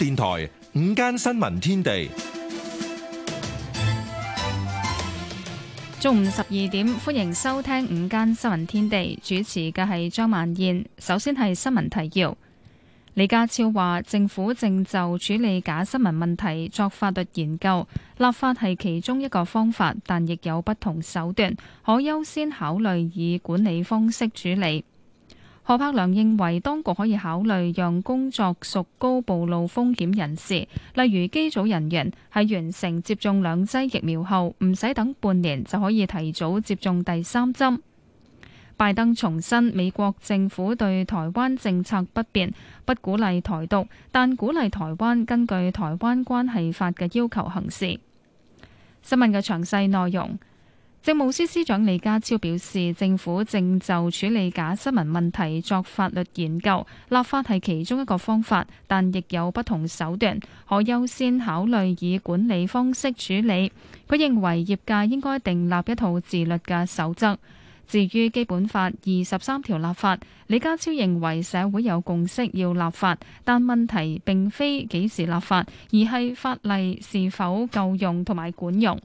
電台五午間新聞天地，中午十二點，歡迎收聽午間新聞天地，主持嘅係張曼燕。首先係新聞提要，李家超話，政府正就處理假新聞問題作法律研究，立法係其中一個方法，但亦有不同手段，可優先考慮以管理方式處理。何柏良認為，當局可以考慮讓工作屬高暴露風險人士，例如機組人員，喺完成接種兩劑疫苗後，唔使等半年就可以提早接種第三針。拜登重申，美國政府對台灣政策不變，不鼓勵台獨，但鼓勵台灣根據《台灣關係法》嘅要求行事。新聞嘅詳細內容。政務司司長李家超表示，政府正就處理假新聞問題作法律研究，立法係其中一個方法，但亦有不同手段，可優先考慮以管理方式處理。佢認為業界應該訂立一套自律嘅守則。至於《基本法》二十三條立法，李家超認為社會有共識要立法，但問題並非幾時立法，而係法例是否夠用同埋管用。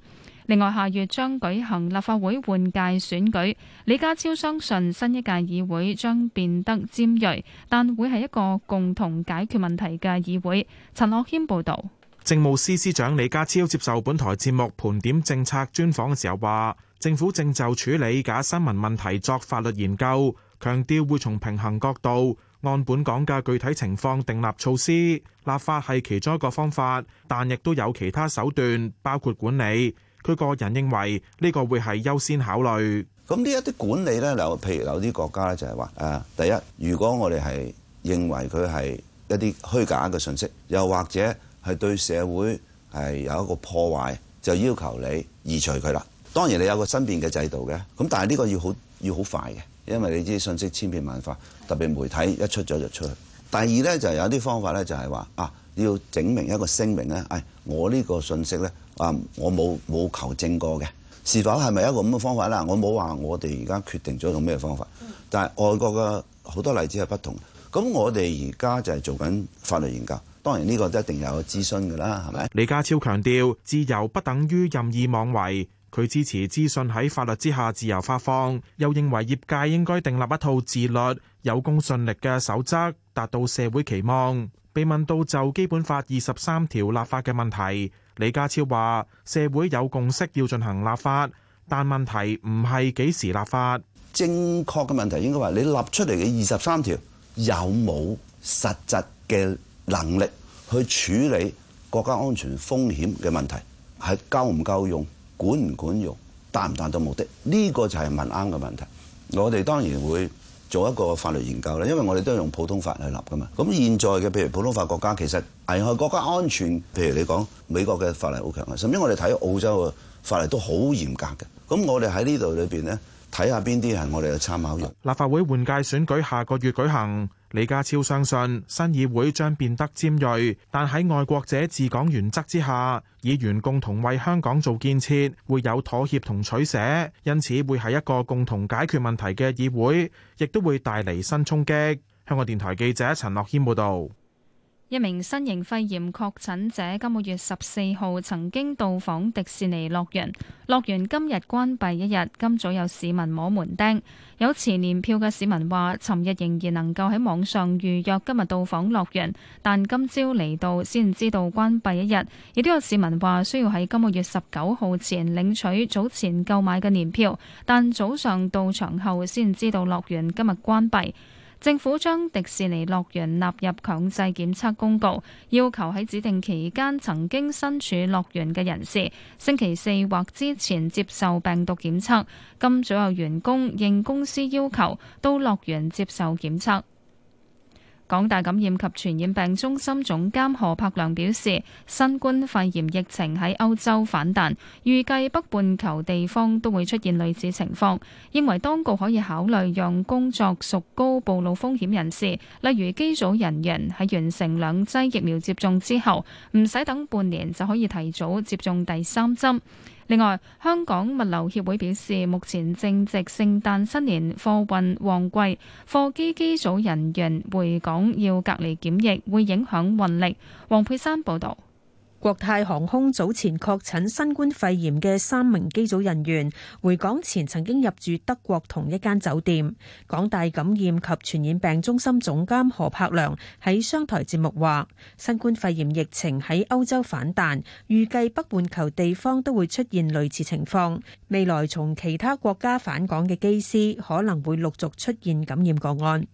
另外，下月將舉行立法會換屆選舉，李家超相信新一屆議會將變得尖銳，但會係一個共同解決問題嘅議會。陳樂謙報導，政務司司長李家超接受本台節目盤點政策專訪嘅時候話，政府正就處理假新聞問題作法律研究，強調會從平衡角度按本港嘅具體情況訂立措施。立法係其中一個方法，但亦都有其他手段，包括管理。佢個人認為呢個會係優先考慮。咁呢一啲管理呢，譬如有啲國家呢，就係話，誒，第一，如果我哋係認為佢係一啲虛假嘅信息，又或者係對社會係有一個破壞，就要求你移除佢啦。當然你有個新變嘅制度嘅，咁但係呢個要好要好快嘅，因為你知信息千變萬化，特別媒體一出咗就出去。第二呢，就有啲方法呢，就係話，啊，要整明一個聲明呢，哎「誒，我呢個信息呢。」啊！我冇冇求證過嘅是否係咪一個咁嘅方法啦？我冇話我哋而家決定咗用咩方法，但係外國嘅好多例子係不同。咁我哋而家就係做緊法律研究，當然呢個都一定有個諮詢㗎啦，係咪？李家超強調自由不等於任意妄為，佢支持資訊喺法律之下自由發放，又認為業界應該訂立一套自律有公信力嘅守則，達到社會期望。被問到就《基本法》二十三條立法嘅問題。李家超話：社會有共識要進行立法，但問題唔係幾時立法，正確嘅問題應該話你立出嚟嘅二十三條有冇實質嘅能力去處理國家安全風險嘅問題，係夠唔夠用，管唔管用，達唔達到目的？呢個就係問啱嘅問題。我哋當然會。做一個法律研究咧，因為我哋都係用普通法去立㗎嘛。咁現在嘅譬如普通法國家，其實危害國家安全，譬如你講美國嘅法例好強啊，甚至我哋睇澳洲嘅法例都好嚴格嘅。咁我哋喺呢度裏邊咧，睇下邊啲係我哋嘅參考用。立法會換屆選舉下個月舉行。李家超相信新議會將變得尖銳，但喺愛國者治港原則之下，議員共同為香港做建設會有妥協同取捨，因此會係一個共同解決問題嘅議會，亦都會帶嚟新衝擊，香港電台記者陳樂謙報道。一名新型肺炎確診者今個月十四號曾經到訪迪士尼樂園，樂園今日關閉一日。今早有市民摸門釘，有持年票嘅市民話尋日仍然能夠喺網上預約今日到訪樂園，但今朝嚟到先知道關閉一日。亦都有市民話需要喺今個月十九號前領取早前購買嘅年票，但早上到場後先知道樂園今日關閉。政府將迪士尼樂園納入強制檢測公告，要求喺指定期間曾經身處樂園嘅人士，星期四或之前接受病毒檢測。今早有員，員工應公司要求到樂園接受檢測。港大感染及傳染病中心總監何柏良表示，新冠肺炎疫情喺歐洲反彈，預計北半球地方都會出現類似情況。認為當局可以考慮讓工作屬高暴露風險人士，例如機組人員，喺完成兩劑疫苗接種之後，唔使等半年就可以提早接種第三針。另外，香港物流協會表示，目前正值聖誕新年貨運旺季，貨機機組人員回港要隔離檢疫，會影響運力。黃佩珊報道。國泰航空早前確診新冠肺炎嘅三名機組人員回港前曾經入住德國同一間酒店。港大感染及傳染病中心總監何柏良喺商台節目話，新冠肺炎疫情喺歐洲反彈，預計北半球地方都會出現類似情況。未來從其他國家返港嘅機師可能會陸續出現感染個案。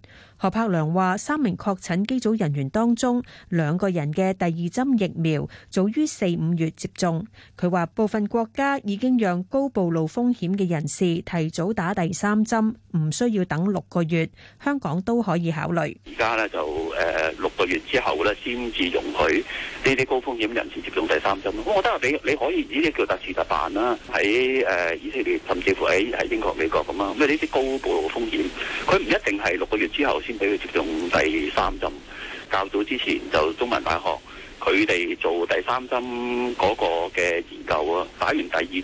何柏良話：三名確診機組人員當中，兩個人嘅第二針疫苗早於四五月接種。佢話：部分國家已經讓高暴露風險嘅人士提早打第三針，唔需要等六個月。香港都可以考慮。而家呢就誒六個月之後呢先至容許呢啲高風險人士接種第三針。咁我覺得你你可以呢啲叫特事特辦啦。喺誒以色列甚至乎喺喺英國、美國咁啦，咁啊呢啲高暴露風險，佢唔一定係六個月之後先。 先俾佢接種第三針。較早之前就中文大學佢哋做第三針嗰個嘅研究啊，打完第二針，誒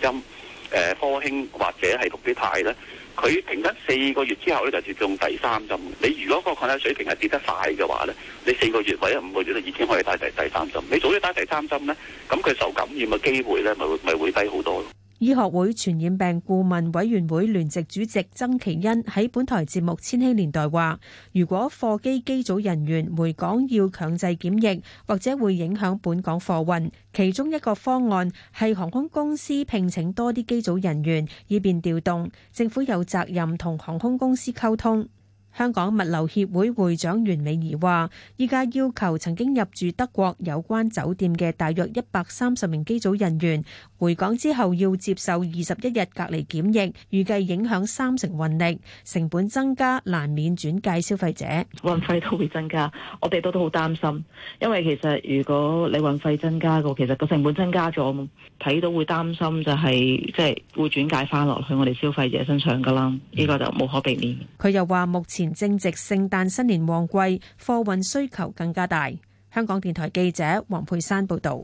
科興或者係復必泰咧，佢平均四個月之後咧就接種第三針。你如果個抗體水平係跌得快嘅話咧，你四個月或者五個月咧已經可以打第第三針。你早啲打第三針咧，咁佢受感染嘅機會咧，咪咪會低好多咯。醫學會傳染病顧問委員會聯席主席曾祈殷喺本台節目《千禧年代》話：如果貨機機組人員回港要強制檢疫，或者會影響本港貨運，其中一個方案係航空公司聘請多啲機組人員以便調動，政府有責任同航空公司溝通。香港物流協會會長袁美儀話，依家要求曾經入住德國有關酒店嘅大約一百三十名機組人員回港之後要接受二十一日隔離檢疫，預計影響三成運力，成本增加難免轉介消費者，運費都會增加。我哋都都好擔心，因為其實如果你運費增加個，其實個成本增加咗，睇到會擔心就係即係會轉介翻落去我哋消費者身上噶啦，呢個就無可避免。佢又話目前正值聖誕新年旺季，貨運需求更加大。香港電台記者黃佩珊報道，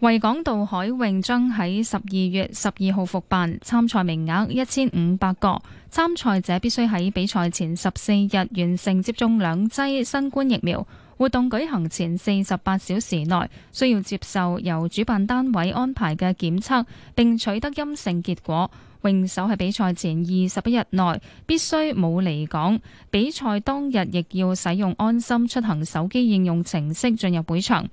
維港渡海泳將喺十二月十二號復辦，參賽名額一千五百個，參賽者必須喺比賽前十四日完成接種兩劑新冠疫苗。活動舉行前四十八小時內，需要接受由主辦單位安排嘅檢測，並取得陰性結果。泳手喺比賽前二十一日內必須冇離港，比賽當日亦要使用安心出行手機應用程式進入會場。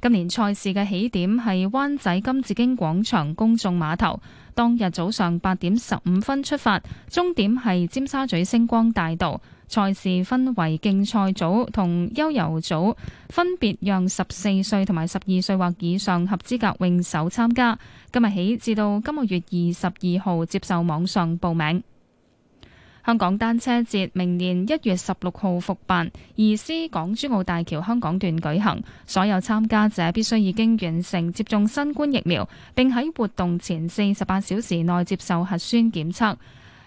今年賽事嘅起點係灣仔金紫荊廣場公眾碼頭，當日早上八點十五分出發，終點係尖沙咀星光大道。賽事分為競賽組同悠遊組，分別讓十四歲同埋十二歲或以上合資格泳手參加。今日起至到今個月二十二號接受網上報名。香港單車節明年一月十六號復辦，移師港珠澳大橋香港段舉行。所有參加者必須已經完成接種新冠疫苗，並喺活動前四十八小時內接受核酸檢測。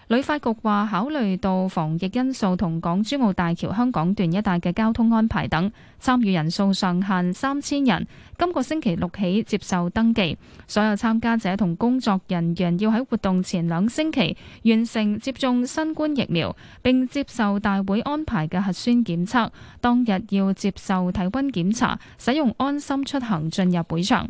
旅發局話考慮到防疫因素同港珠澳大橋香港段一帶嘅交通安排等，參與人數上限三千人。今個星期六起接受登記，所有參加者同工作人員要喺活動前兩星期完成接種新冠疫苗，並接受大會安排嘅核酸檢測。當日要接受體溫檢查，使用安心出行進入會場。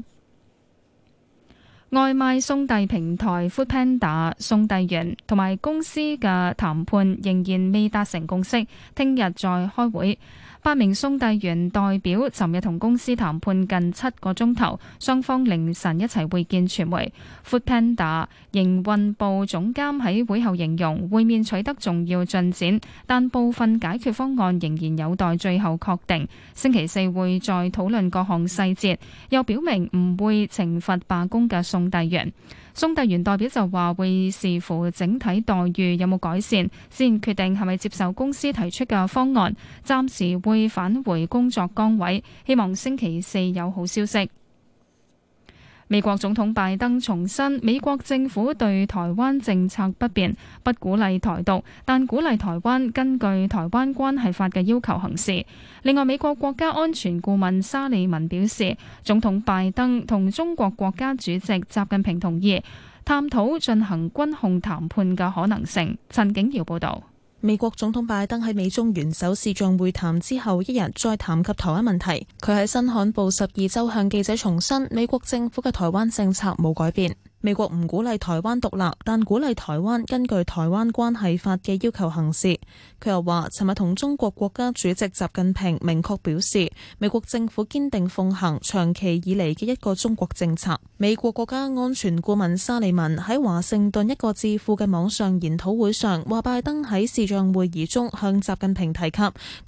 外賣送遞平台 Foodpanda 送遞員同埋公司嘅談判仍然未達成共識，聽日再開會。八名送遞員代表尋日同公司談判近七個鐘頭，雙方凌晨一齊會見傳媒。Foodpanda 營運部總監喺會後形容會面取得重要進展，但部分解決方案仍然有待最後確定。星期四會再討論各項細節，又表明唔會懲罰罷工嘅送遞員。中特員代表就話：會視乎整體待遇有冇改善，先決定係咪接受公司提出嘅方案。暫時會返回工作崗位，希望星期四有好消息。美國總統拜登重申，美國政府對台灣政策不變，不鼓勵台獨，但鼓勵台灣根據《台灣關係法》嘅要求行事。另外，美國國家安全顧問沙利文表示，總統拜登同中國國家主席習近平同意探討進行軍控談判嘅可能性。陳景堯報道。美國總統拜登喺美中元首視像會談之後一日再談及台灣問題，佢喺新罕布什爾州向記者重申，美國政府嘅台灣政策冇改變。美國唔鼓勵台灣獨立，但鼓勵台灣根據《台灣關係法》嘅要求行事。佢又話，尋日同中國國家主席習近平明確表示，美國政府堅定奉行長期以嚟嘅一個中國政策。美國國家安全顧問沙利文喺華盛頓一個智庫嘅網上研討會上話，拜登喺視像會議中向習近平提及，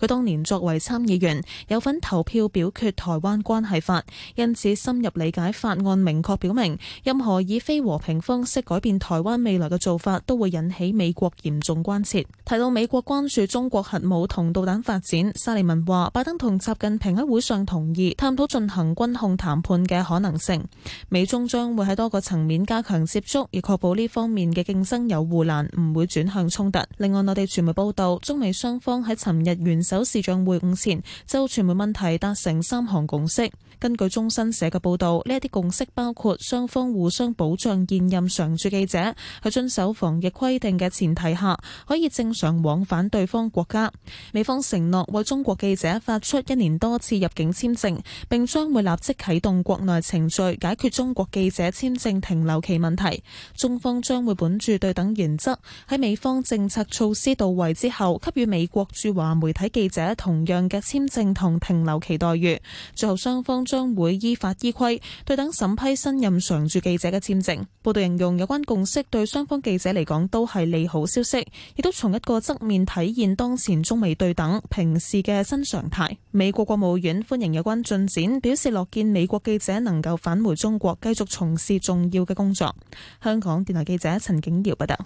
佢當年作為參議員有份投票表決《台灣關係法》，因此深入理解法案，明確表明任何以非和平方式改變台灣未來嘅做法，都會引起美國嚴重關切。提到美國關注中國核武同導彈發展，沙利文話：拜登同習近平喺會上同意探討進行軍控談判嘅可能性。美中將會喺多個層面加強接觸，以確保呢方面嘅競爭有護欄，唔會轉向衝突。另外，內地傳媒報道，中美雙方喺尋日元首視像會晤前就傳媒問題達成三項共識。根據中新社嘅報導，呢一啲共識包括雙方互相保障現任常駐記者喺遵守防疫規定嘅前提下，可以正常往返對方國家。美方承諾為中國記者發出一年多次入境簽證，並將會立即啟動國內程序解決中國記者簽證停留期問題。中方將會本住對等原則，喺美方政策措施到位之後，給予美國駐華媒體記者同樣嘅簽證同停留期待遇。最後，雙方將會依法依規對等審批新任常駐記者嘅簽證。報道形容有關共識對雙方記者嚟講都係利好消息，亦都從一個側面體現當前中美對等平視嘅新常態。美國國務院歡迎有關進展，表示樂見美國記者能夠返回中國繼續從事重要嘅工作。香港電台記者陳景瑤報道。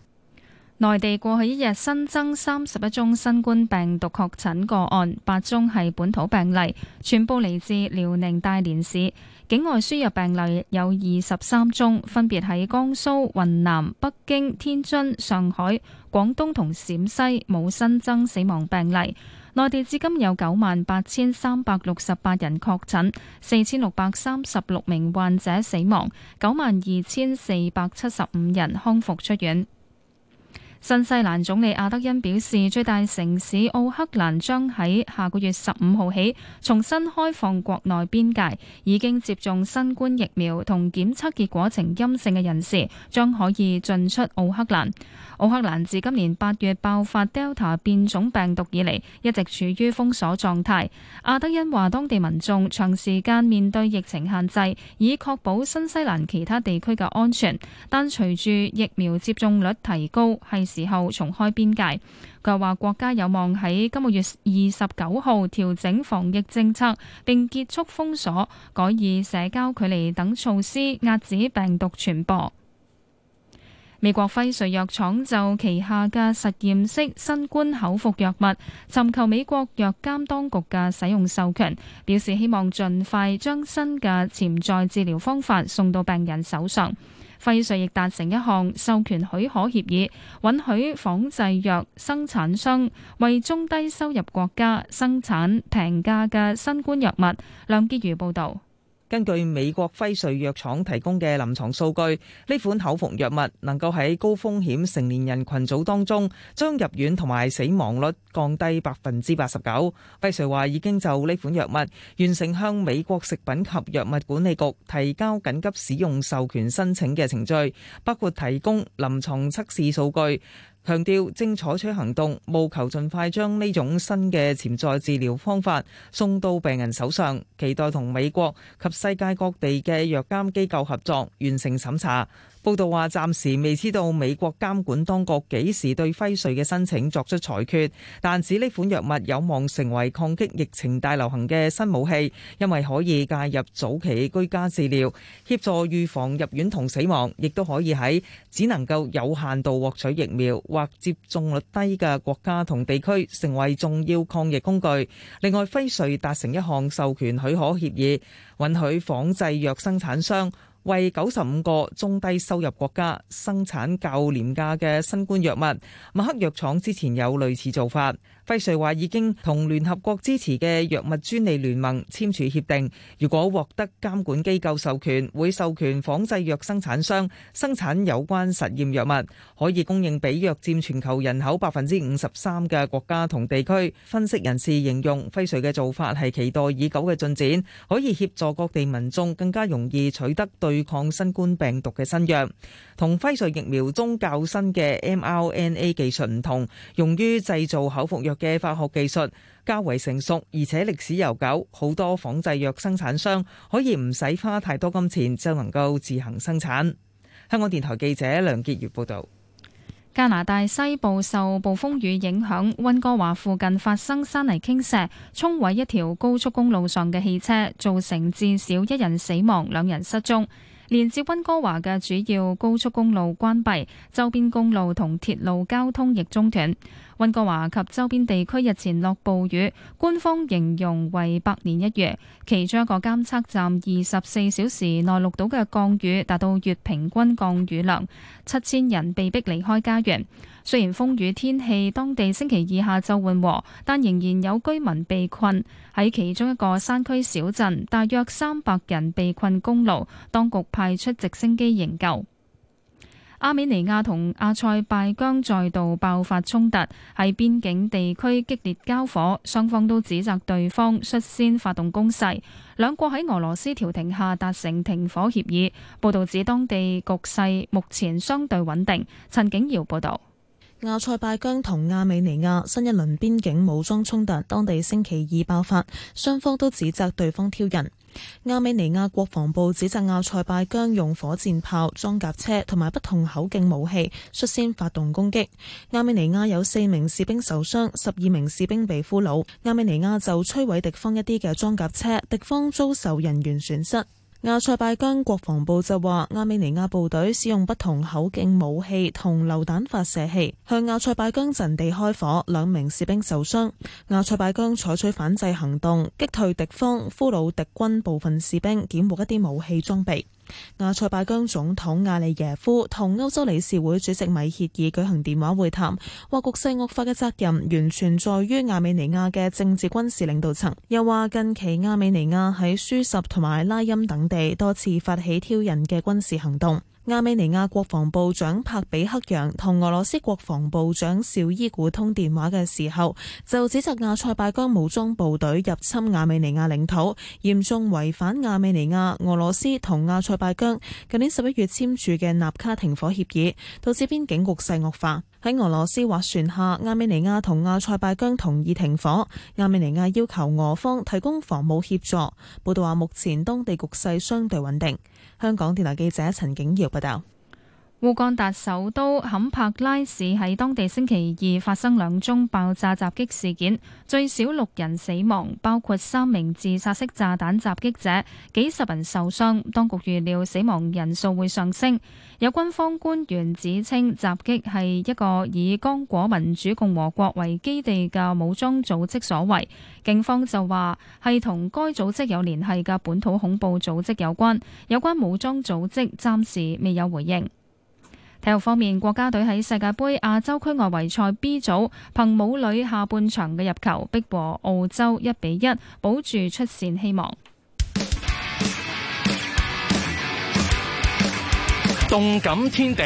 內地過去一日新增三十一宗新冠病毒確診個案，八宗係本土病例，全部嚟自遼寧大連市。境外輸入病例有二十三宗，分別喺江蘇、雲南、北京、天津、上海、廣東同陝西，冇新增死亡病例。內地至今有九萬八千三百六十八人確診，四千六百三十六名患者死亡，九萬二千四百七十五人康復出院。新西蘭總理阿德恩表示，最大城市奧克蘭將喺下個月十五號起重新開放國內邊界，已經接種新冠疫苗同檢測結果呈陰性嘅人士將可以進出奧克蘭。奧克蘭自今年八月爆發 Delta 變種病毒以嚟，一直處於封鎖狀態。阿德恩話：當地民眾長時間面對疫情限制，以確保新西蘭其他地區嘅安全，但隨住疫苗接種率提高，係時候重開邊界。佢話國家有望喺今個月二十九號調整防疫政策，並結束封鎖，改以社交距離等措施壓止病毒傳播。美國輝瑞藥廠就旗下嘅實驗式新冠口服藥物，尋求美國藥監當局嘅使用授權，表示希望盡快將新嘅潛在治療方法送到病人手上。輝瑞亦達成一項授權許可協議，允許仿製藥生產商為中低收入國家生產平價嘅新冠藥物。梁傑如報導。根據美國輝瑞藥廠提供嘅臨床數據，呢款口服藥物能夠喺高風險成年人群組當中，將入院同埋死亡率降低百分之八十九。輝瑞話已經就呢款藥物完成向美國食品及藥物管理局提交緊急使用授權申請嘅程序，包括提供臨床測試數據。強調正採取行動，務求盡快將呢種新嘅潛在治療方法送到病人手上，期待同美國及世界各地嘅藥監機構合作完成審查。報道話，暫時未知道美國監管當局幾時對輝瑞嘅申請作出裁決，但指呢款藥物有望成為抗擊疫情大流行嘅新武器，因為可以介入早期居家治療，協助預防入院同死亡，亦都可以喺只能夠有限度獲取疫苗。或接種率低嘅國家同地區成為重要抗疫工具。另外，輝瑞達成一項授權許可協議，允許仿製藥生產商為九十五個中低收入國家生產較廉價嘅新冠藥物。默克藥廠之前有類似做法。輝瑞話已經同聯合國支持嘅藥物專利聯盟簽署協定，如果獲得監管機構授權，會授權仿製藥生產商生產有關實驗藥物，可以供應俾約佔全球人口百分之五十三嘅國家同地區。分析人士形容輝瑞嘅做法係期待已久嘅進展，可以協助各地民眾更加容易取得對抗新冠病毒嘅新藥。同輝瑞疫苗中較新嘅 mRNA 技術唔同，用於製造口服藥嘅化學技術較為成熟，而且歷史悠久，好多仿製藥生產商可以唔使花太多金錢就能夠自行生產。香港電台記者梁潔如報導。加拿大西部受暴風雨影響，溫哥華附近發生山泥傾瀉，沖毀一條高速公路上嘅汽車，造成至少一人死亡，兩人失蹤。連接溫哥華嘅主要高速公路關閉，周邊公路同鐵路交通亦中斷。溫哥華及周邊地區日前落暴雨，官方形容為百年一遇。其中一個監測站二十四小時內錄到嘅降雨達到月平均降雨量，七千人被迫離開家園。雖然風雨天氣，當地星期二下晝緩和，但仍然有居民被困喺其中一個山區小鎮，大約三百人被困公路，當局派出直升機營救。阿美尼亞同阿塞拜疆再度爆發衝突，喺邊境地區激烈交火，雙方都指責對方率先發動攻勢。兩國喺俄羅斯調停下達成停火協議。報道指當地局勢目前相對穩定。陳景堯報道。亞塞拜疆同亞美尼亞新一輪邊境武裝衝突，當地星期二爆發，雙方都指責對方挑釁。亞美尼亞國防部指責亞塞拜疆用火箭炮、裝甲車同埋不同口徑武器率先發動攻擊。亞美尼亞有四名士兵受傷，十二名士兵被俘虜。亞美尼亞就摧毀敵方一啲嘅裝甲車，敵方遭受人員損失。亞塞拜疆國防部就話，亞美尼亞部隊使用不同口徑武器同榴彈發射器向亞塞拜疆陣地開火，兩名士兵受傷。亞塞拜疆採取反制行動，擊退敵方，俘虜敵軍部分士兵，檢獲一啲武器裝備。亞塞拜疆總統阿利耶夫同歐洲理事會主席米歇爾舉行電話會談，話局勢惡化嘅責任完全在於亞美尼亞嘅政治軍事領導層，又話近期亞美尼亞喺舒什同埋拉欽等地多次發起挑釁嘅軍事行動。亞美尼亞國防部長帕比克揚同俄羅斯國防部長紹伊古通電話嘅時候，就指責亞塞拜疆武裝部隊入侵亞美尼亞領土，嚴重違反亞美尼亞、俄羅斯同亞塞拜疆舊年十一月簽署嘅納卡停火協議，導致邊境局勢惡化。喺俄羅斯斡旋下，亞美尼亞同亞塞拜疆同意停火，亞美尼亞要求俄方提供防務協助。報道話，目前當地局勢相對穩定。香港電台記者陳景堯報道。烏干達首都坎帕拉市喺當地星期二發生兩宗爆炸襲擊事件，最少六人死亡，包括三名自殺式炸彈襲擊者，幾十人受傷。當局預料死亡人數會上升。有軍方官員指稱，襲擊係一個以剛果民主共和國為基地嘅武裝組織所為。警方就話係同該組織有聯繫嘅本土恐怖組織有關。有關武裝組織暫時未有回應。體育方面，國家隊喺世界杯亞洲區外圍賽 B 組，憑武磊下半場嘅入球，逼和澳洲一比一，保住出線希望。動感天地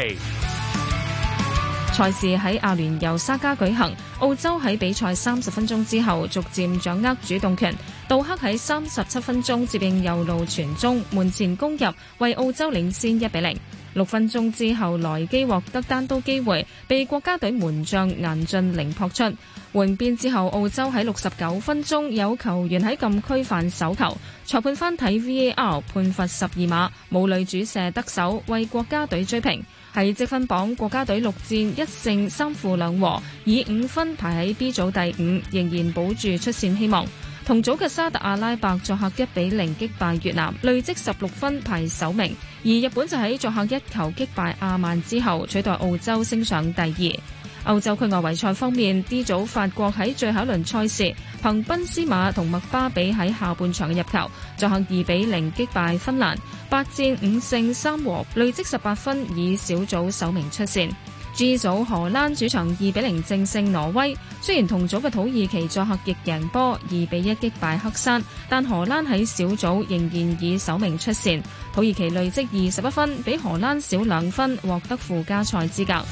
賽事喺阿聯酋沙加舉行，澳洲喺比賽三十分鐘之後逐漸掌握主動權，杜克喺三十七分鐘接應右路傳中，門前攻入，為澳洲領先一比零。六分鐘之後，萊基獲得單刀機會，被國家隊門將顏駿凌撲出。換邊之後，澳洲喺六十九分鐘有球員喺禁區犯手球，裁判翻睇 VAR 判罰十二碼，武磊主射得手，為國家隊追平。喺積分榜，國家隊六戰一勝三負兩和，以五分排喺 B 組第五，仍然保住出線希望。同組嘅沙特阿拉伯作客一比零擊敗越南，累積十六分排首名。而日本就喺作客一球擊敗阿曼之後，取代澳洲升上第二。歐洲區外圍賽方面，D 組法國喺最後一輪賽事，憑賓斯馬同麥巴比喺下半場嘅入球，作客二比零擊敗芬蘭，八戰五勝三和，累積十八分，以小組首名出線。G 組荷蘭主場二比零正勝挪威，雖然同組嘅土耳其作客亦贏波二比一擊敗黑山，但荷蘭喺小組仍然以首名出線。土耳其累積二十一分，比荷蘭少兩分，獲得附加賽資格。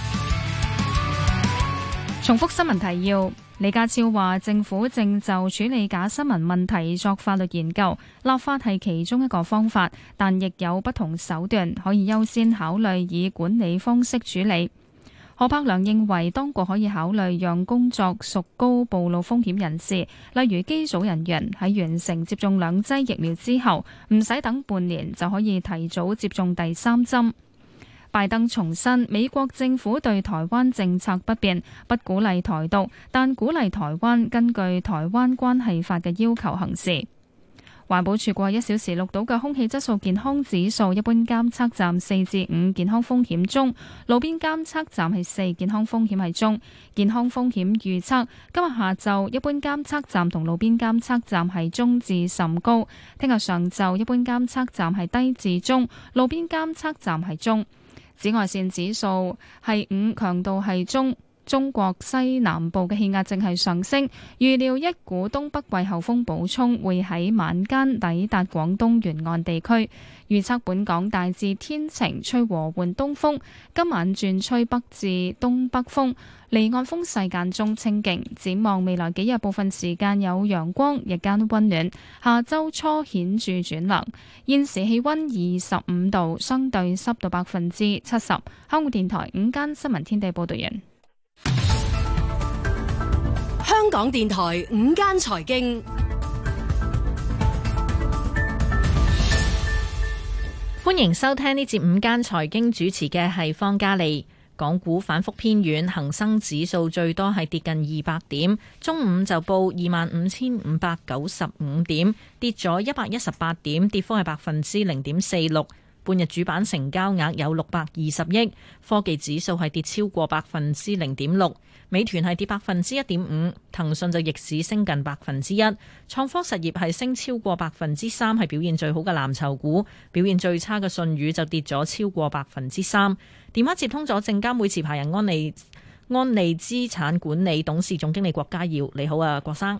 重複新聞提要：李家超話，政府正就處理假新聞問題作法律研究，立法係其中一個方法，但亦有不同手段可以優先考慮，以管理方式處理。何柏良認為，當局可以考慮讓工作屬高暴露風險人士，例如機組人員，喺完成接種兩劑疫苗之後，唔使等半年就可以提早接種第三針。拜登重申，美國政府對台灣政策不變，不鼓勵台獨，但鼓勵台灣根據《台灣關係法》嘅要求行事。環保署過一小時錄到嘅空氣質素健康指數，一般監測站四至五，健康風險中；路邊監測站係四，健康風險係中。健康風險預測今日下晝一般監測站同路邊監測站係中至甚高，聽日上晝一般監測站係低至中，路邊監測站係中。紫外線指數係五，強度係中。中國西南部嘅氣壓正係上升，預料一股東北季候風補充會喺晚間抵達廣東沿岸地區。預測本港大致天晴，吹和緩東風，今晚轉吹北至東北風，離岸風勢間中清勁。展望未來幾日，部分時間有陽光，日間溫暖，下周初顯著轉冷。現時氣溫二十五度，相對濕度百分之七十。香港電台午間新聞天地報道完。香港電台午間財經，歡迎收聽呢節午間財經，主持嘅係方嘉利。港股反復偏軟，恒生指數最多係跌近二百點，中午就報二萬五千五百九十五點，跌咗一百一十八點，跌幅係百分之零點四六。半日主板成交額有六百二十億，科技指數係跌超過百分之零點六，美團係跌百分之一點五，騰訊就逆市升近百分之一，創科實業係升超過百分之三，係表現最好嘅藍籌股。表現最差嘅信宇就跌咗超過百分之三。電話接通咗，證監會持牌人安利安利資產管理董事總經理郭家耀，你好啊，郭生。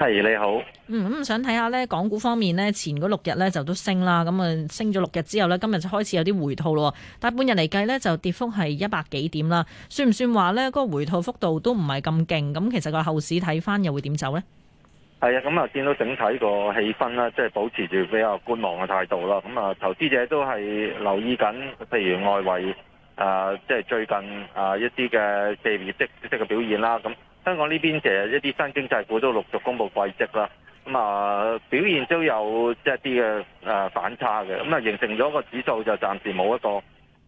係、hey，你好，嗯，咁想睇下咧，港股方面咧，前嗰六日咧就都升啦，咁啊升咗六日之後咧，今日就開始有啲回吐咯，但半日嚟計咧就跌幅係一百幾點啦，算唔算話咧？嗰個回吐幅度都唔係咁勁，咁其實個後市睇翻又會點走咧？係啊，咁啊見到整體個氣氛啦，即、就、係、是、保持住比較觀望嘅態度啦，咁啊投資者都係留意緊，譬如外圍啊，即、呃、係、就是、最近啊一啲嘅地業績即嘅表現啦，咁。香港呢邊成日一啲新經濟股都陸續公布季績啦，咁、嗯、啊、呃、表現都有即係啲嘅誒反差嘅，咁、嗯、啊形成咗個指數就暫時冇一個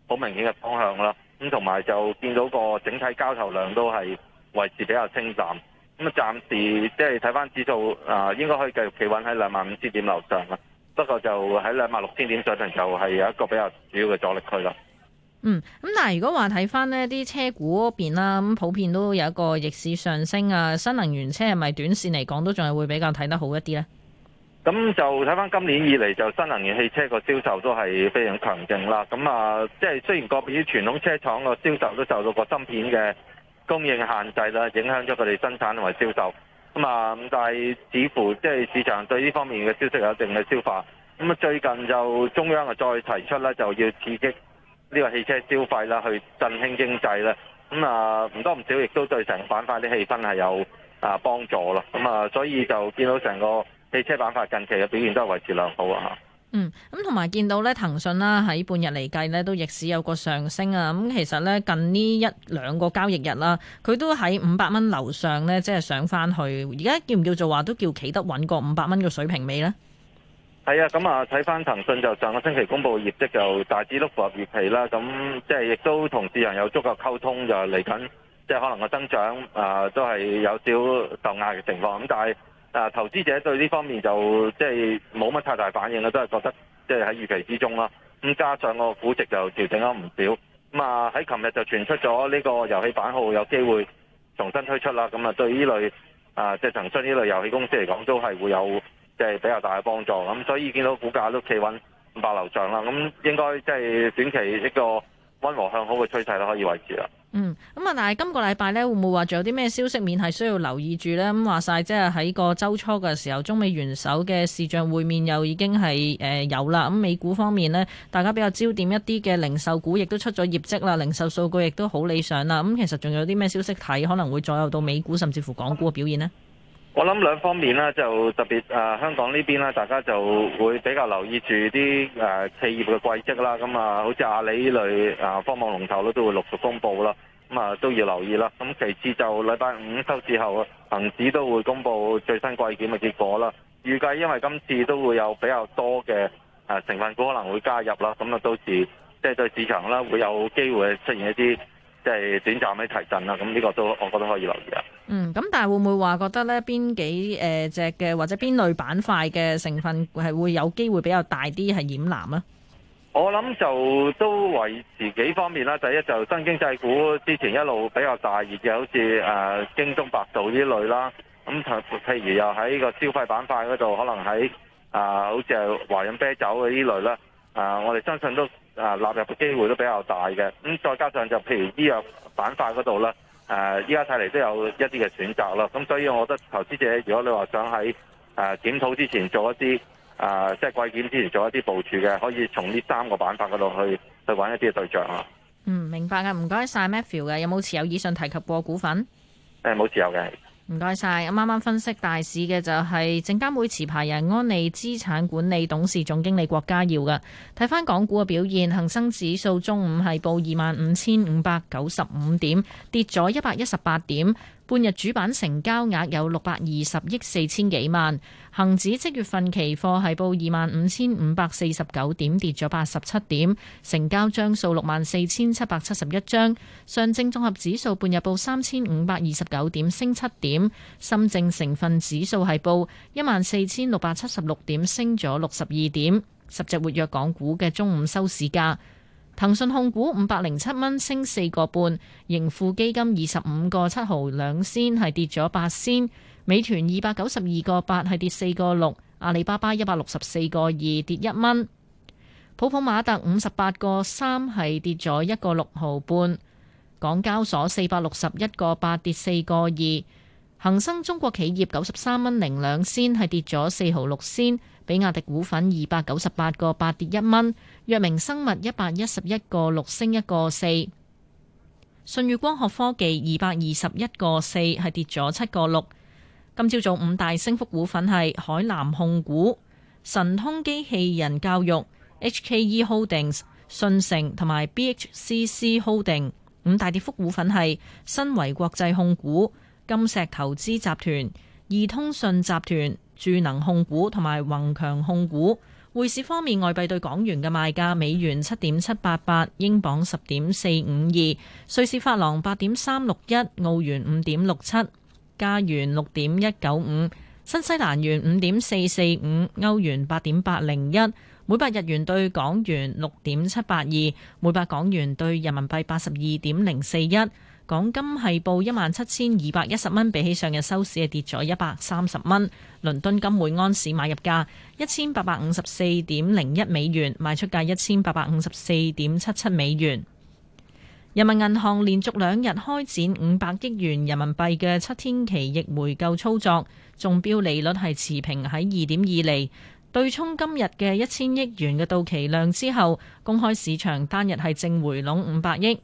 好明顯嘅方向啦，咁同埋就見到個整體交投量都係維持比較清淡，咁啊暫時即係睇返指數啊、呃，應該可以繼續企穩喺兩萬五千點樓上啦，不過就喺兩萬六千點上層就係有一個比較主要嘅阻力區啦。嗯，咁但係如果話睇翻呢啲車股邊啦，咁普遍都有一個逆市上升啊，新能源車係咪短線嚟講都仲係會比較睇得好一啲呢？咁就睇翻今年以嚟就新能源汽車個銷售都係非常強勁啦。咁啊，即係雖然個別啲傳統車廠個銷售都受到個芯片嘅供應限制啦，影響咗佢哋生產同埋銷售。咁啊，咁但係似乎即係市場對呢方面嘅消息有一定嘅消化。咁啊，最近就中央啊再提出咧，就要刺激。呢個汽車消費啦，去振興經濟啦，咁啊唔多唔少，亦都對成個板塊啲氣氛係有啊幫助咯。咁啊，所以就見到成個汽車板塊近期嘅表現都係維持良好啊。嗯，咁同埋見到咧，騰訊啦、啊、喺半日嚟計呢，都逆市有個上升啊。咁、嗯、其實咧近呢一兩個交易日啦、啊，佢都喺五百蚊樓上咧，即係上返去。而家叫唔叫做話都叫企得穩過五百蚊嘅水平未呢？係啊，咁啊睇翻騰訊，就上個星期公布業績就大致都符合預期啦，咁、嗯、即係亦都同市人有足夠溝通，就嚟緊即係可能個增長啊、呃，都係有少受壓嘅情況。咁、嗯、但係啊、呃，投資者對呢方面就即係冇乜太大反應啦，都係覺得即係喺預期之中啦。咁、嗯、加上個估值就調整咗唔少。咁啊喺琴日就傳出咗呢個遊戲版號有機會重新推出啦。咁、嗯、啊對呢類啊、呃、即係騰訊呢類遊戲公司嚟講，都係會有。即係比較大嘅幫助，咁所以見到股價都企穩五百樓上啦。咁應該即係短期一個溫和向好嘅趨勢都可以維持啦。嗯，咁啊，但係今個禮拜咧，會唔會話仲有啲咩消息面係需要留意住咧？咁話晒即係喺個週初嘅時候，中美元首嘅視像會面又已經係誒有啦。咁美股方面呢，大家比較焦點一啲嘅零售股，亦都出咗業績啦，零售數據亦都好理想啦。咁其實仲有啲咩消息睇，可能會左右到美股甚至乎港股嘅表現呢？我諗兩方面呢，就特別誒、呃，香港呢邊啦，大家就會比較留意住啲誒企業嘅季績啦。咁、嗯、啊，好似阿里呢類誒科、呃、網龍頭咧，都會陸續公布啦。咁、嗯、啊，都要留意啦。咁、嗯、其次就禮拜五收市後，恒、呃、指都會公布最新季檢嘅結果啦。預計因為今次都會有比較多嘅誒、呃、成分股可能會加入啦，咁、嗯、啊，到時即係對市場啦會有機會出現一啲。即係短暫喺提振啦，咁呢個都我覺得可以留意啊。嗯，咁但係會唔會話覺得咧，邊幾誒隻嘅或者邊類板塊嘅成分係會有機會比較大啲係染藍啊？我諗就都維持幾方面啦。第一，就新經濟股之前一路比較大熱嘅，好似誒、呃、京東、百度呢類啦。咁譬譬如又喺個消費板塊嗰度，可能喺啊、呃，好似係華潤啤酒嘅呢類啦。啊！Uh, 我哋相信都啊，納入嘅機會都比較大嘅。咁、嗯、再加上就譬如醫藥板塊嗰度啦，誒依家睇嚟都有一啲嘅選擇咯。咁、啊、所以，我覺得投資者如果你話想喺誒、啊、檢討之前做一啲誒、啊、即係季檢之前做一啲部署嘅，可以從呢三個板塊嗰度去去揾一啲嘅對象咯。嗯，明白嘅，唔該晒。Matthew 嘅。有冇持有以上提及過股份？誒、嗯、冇持有嘅。唔該晒，啱啱分析大市嘅就係證監會持牌人安利資產管理董事總經理郭家耀噶，睇返港股嘅表現，恒生指數中午係報二萬五千五百九十五點，跌咗一百一十八點。半日主板成交額有六百二十億四千幾萬，恒指即月份期貨係報二萬五千五百四十九點，跌咗八十七點，成交張數六萬四千七百七十一張。上證綜合指數半日報三千五百二十九點，升七點。深證成分指數係報一萬四千六百七十六點，升咗六十二點。十隻活躍港股嘅中午收市價。騰訊控股五百零七蚊升四個半，盈富基金二十五個七毫兩仙係跌咗八仙，美團二百九十二個八係跌四個六，阿里巴巴一百六十四個二跌一蚊，普普馬特五十八個三係跌咗一個六毫半，港交所四百六十一個八跌四個二。恒生中國企業九十三蚊零兩仙，係跌咗四毫六仙。比亞迪股份二百九十八個八跌一蚊，藥明生物一百一十一個六升一個四，舜宇光學科技二百二十一個四係跌咗七個六。今朝早五大升幅股份係海南控股、神通機器人教育、H K E Holdings、信誠同埋 B H C C Holdings。五大跌幅股份係新維國際控股。金石投資集團、易通訊集團、智能控股同埋宏強控股。匯市方面，外幣對港元嘅賣價：美元七點七八八，英鎊十點四五二，瑞士法郎八點三六一，澳元五點六七，加元六點一九五，新西蘭元五點四四五，歐元八點八零一，每百日元對港元六點七八二，每百港元對人民幣八十二點零四一。港金係報一萬七千二百一十蚊，比起上日收市係跌咗一百三十蚊。倫敦金每安士買入價一千八百五十四點零一美元，賣出價一千八百五十四點七七美元。人民銀行連續兩日開展五百億元人民幣嘅七天期逆回購操作，中標利率係持平喺二點二厘。對沖今日嘅一千億元嘅到期量之後，公開市場單日係正回籠五百億。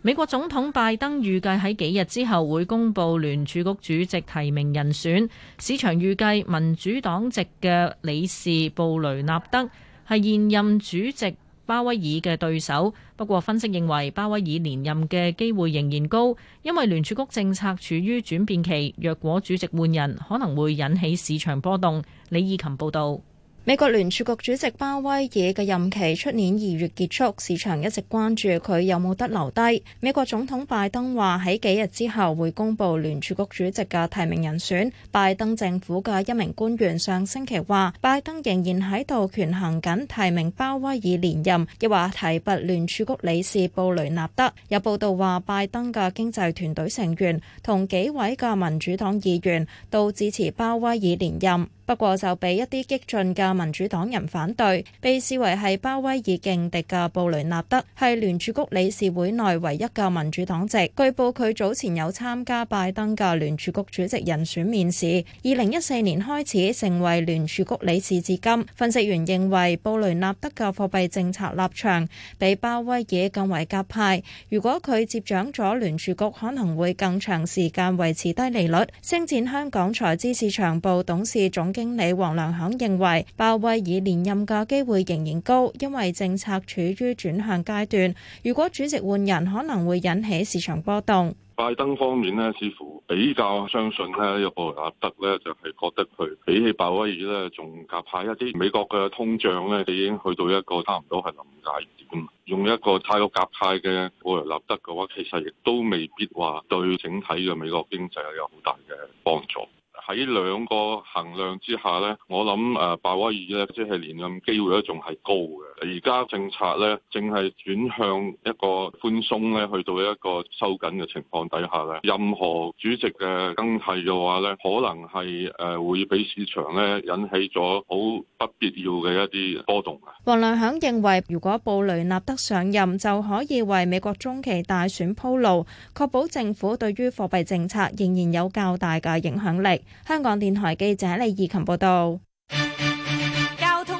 美國總統拜登預計喺幾日之後會公布聯儲局主席提名人選。市場預計民主黨籍嘅理事布雷納德係現任主席鮑威爾嘅對手。不過，分析認為鮑威爾連任嘅機會仍然高，因為聯儲局政策處於轉變期。若果主席換人，可能會引起市場波動。李以琴報道。美國聯儲局主席鮑威爾嘅任期出年二月結束，市場一直關注佢有冇得留低。美國總統拜登話喺幾日之後會公布聯儲局主席嘅提名人選。拜登政府嘅一名官員上星期話，拜登仍然喺度權衡緊提名鮑威爾連任，亦話提拔聯儲局理事布雷納德。有報道話，拜登嘅經濟團隊成員同幾位嘅民主黨議員都支持鮑威爾連任。不過就俾一啲激進嘅民主黨人反對，被視為係鮑威爾勁敵嘅布雷納德係聯儲局理事會內唯一嘅民主黨籍。據報佢早前有參加拜登嘅聯儲局主席人選面試。二零一四年開始成為聯儲局理事至今。分析員認為布雷納德嘅貨幣政策立場比鮑威爾更為鴿派。如果佢接掌咗聯儲局，可能會更長時間維持低利率，星展香港財資市場部董事總經理黃良響認為，鮑威爾連任嘅機會仍然高，因為政策處於轉向階段。如果主席換人，可能會引起市場波動。拜登方面呢，似乎比較相信呢個布雷納德呢，就係覺得佢比起鮑威爾呢，仲夾派一啲美國嘅通脹呢就已經去到一個差唔多係臨界點。用一個太過夾派嘅布雷納德嘅話，其實亦都未必話對整體嘅美國經濟係有好大嘅幫助。喺兩個衡量之下咧，我諗誒鮑威爾咧，即係連任機會咧，仲係高嘅。而家政策咧，正係轉向一個寬鬆咧，去到一個收緊嘅情況底下咧，任何主席嘅更替嘅話咧，可能係誒會俾市場咧引起咗好不必要嘅一啲波動啊。黃良響認為，如果布雷納德上任，就可以為美國中期大選鋪路，確保政府對於貨幣政策仍然有較大嘅影響力。香港電台記者李怡琴報道。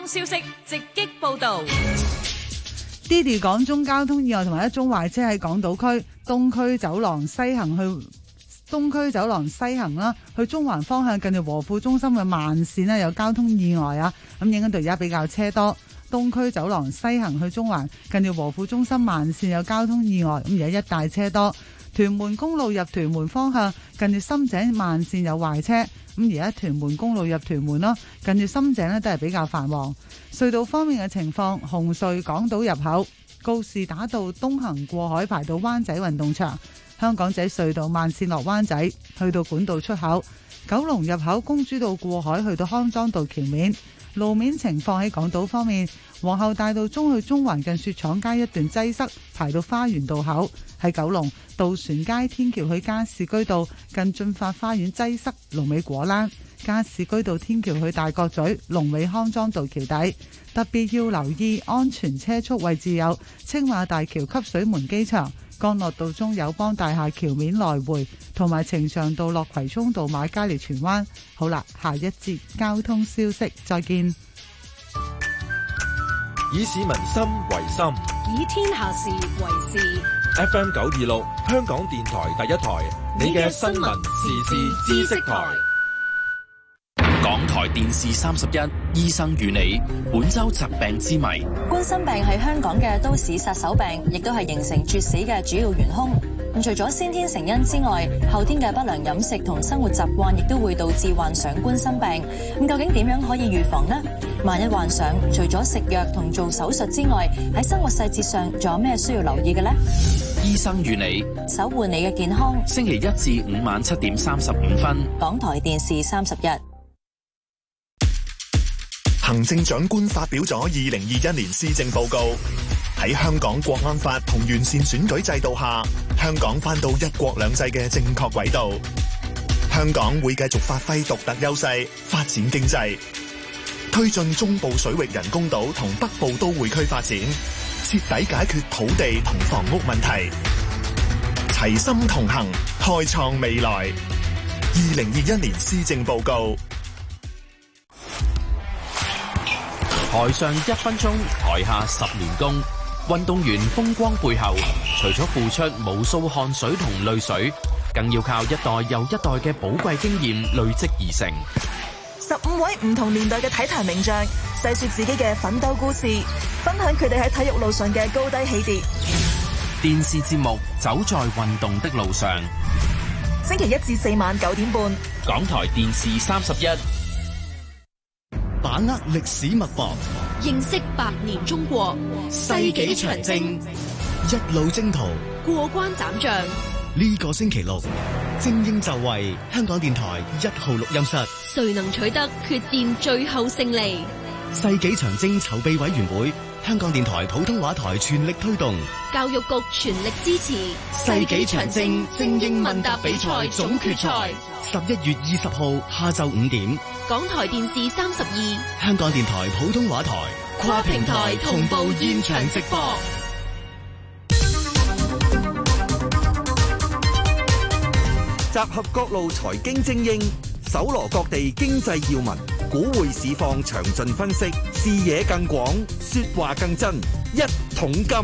消息直擊報道，啲啲港中交通意外同埋一宗壞車喺港島區東區走廊西行去東區走廊西行啦，去中環方向近住和富中心嘅慢線咧有交通意外啊，咁影響到而家比較車多。東區走廊西行去中環近住和富中心慢線有交通意外，咁而家一帶車多。屯門公路入屯門方向，近住深井慢線有壞車。咁而家屯門公路入屯門咯，近住深井咧都係比較繁忙。隧道方面嘅情況，紅隧港島入口、告士打道東行過海排到灣仔運動場、香港仔隧道慢線落灣仔，去到管道出口；九龍入口公主道過海去到康莊道橋面。路面情況喺港島方面，皇后大道中去中環近雪廠街一段擠塞，排到花園道口；喺九龍渡船街天橋去加士居道近駿發花園擠塞，龍尾果欄；加士居道天橋去大角咀龍尾康莊道橋底。特別要留意安全車速位置有青馬大橋、汲水門機場、降落道中友邦大廈橋面來回。同埋青翔道落葵涌道、馬嘉利荃灣，好啦，下一節交通消息，再見。以市民心為心，以天下事為事。FM 九二六，香港電台第一台，你嘅新聞時事知識台。港台電視三十一，醫生與你本周疾病之謎。冠心病係香港嘅都市殺手病，亦都係形成猝死嘅主要元凶。咁除咗先天成因之外，後天嘅不良飲食同生活習慣亦都會導致患上冠心病。咁究竟點樣可以預防呢？萬一患上，除咗食藥同做手術之外，喺生活細節上仲有咩需要留意嘅呢？醫生與你，守護你嘅健康。星期一至五晚七點三十五分，港台電視三十一。行政長官發表咗二零二一年施政報告。喺香港國安法同完善選舉制度下，香港返到一國兩制嘅正確軌道。香港會繼續發揮獨特優勢，發展經濟，推進中部水域人工島同北部都會區發展，徹底解決土地同房屋問題。齊心同行，開創未來。二零二一年施政報告。台上一分鐘，台下十年功。運動員風光背後，除咗付出無數汗水同淚水，更要靠一代又一代嘅寶貴經驗累積而成。十五位唔同年代嘅體壇名將，細說自己嘅奮鬥故事，分享佢哋喺體育路上嘅高低起跌。電視節目《走在運動的路上》，星期一至四晚九點半，港台電視三十一。把握歷史脈搏，認識百年中國。世紀長征，一路征途，過關斬將。呢個星期六，精英就位，香港電台一號錄音室。誰能取得決戰最後勝利？世紀長征籌備委員會，香港電台普通話台全力推動，教育局全力支持。世紀長征，世紀長征精英問答比賽總決賽，十一月二十號下晝五點。港台電視三十二，香港電台普通話台，跨平台同步現場直播，集合各路財經精英，搜羅各地經濟要聞，股匯市況詳盡分析，視野更廣，說話更真，一桶金。